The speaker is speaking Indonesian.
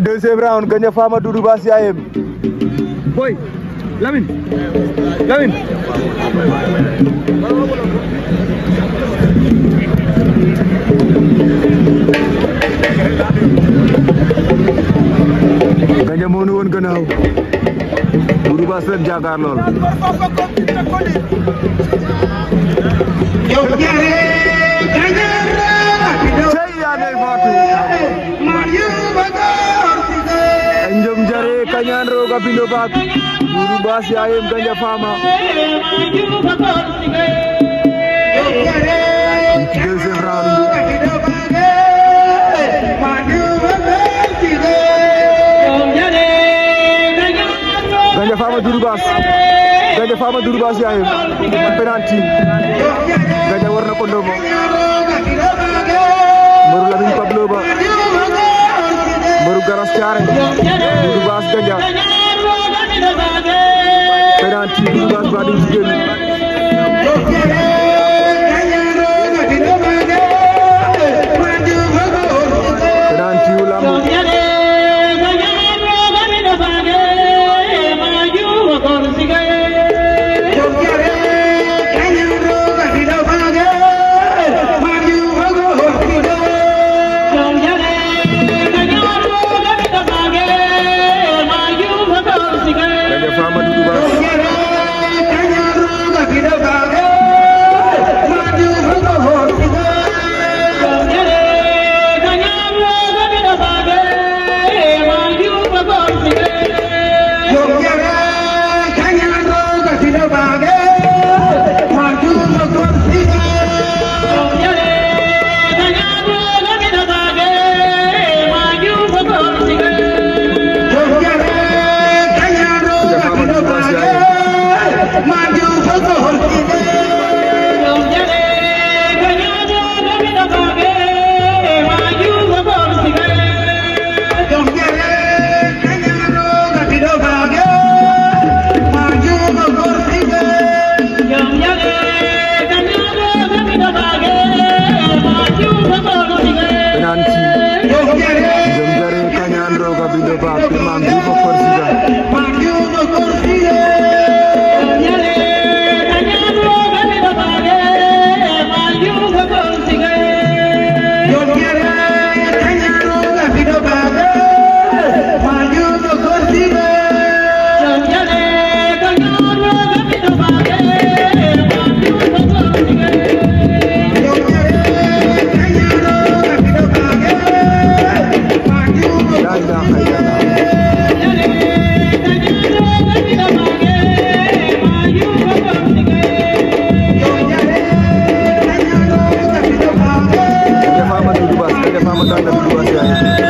Deuxième Brown, gagné Fama Doudou basi Boy, Lamine, Lamine. Gagné moo nu woon gannaaw. Doudou Bassi rek kanyan roga bindo bak guru bas ya em ganja fama ganja fama guru bas ganja fama guru bas ya em Penanti, ganja warna kondomo baru Lamin Pablo ba baru Garas Care God good. jëm jare kañaan rooga bindo baat 他们干的不错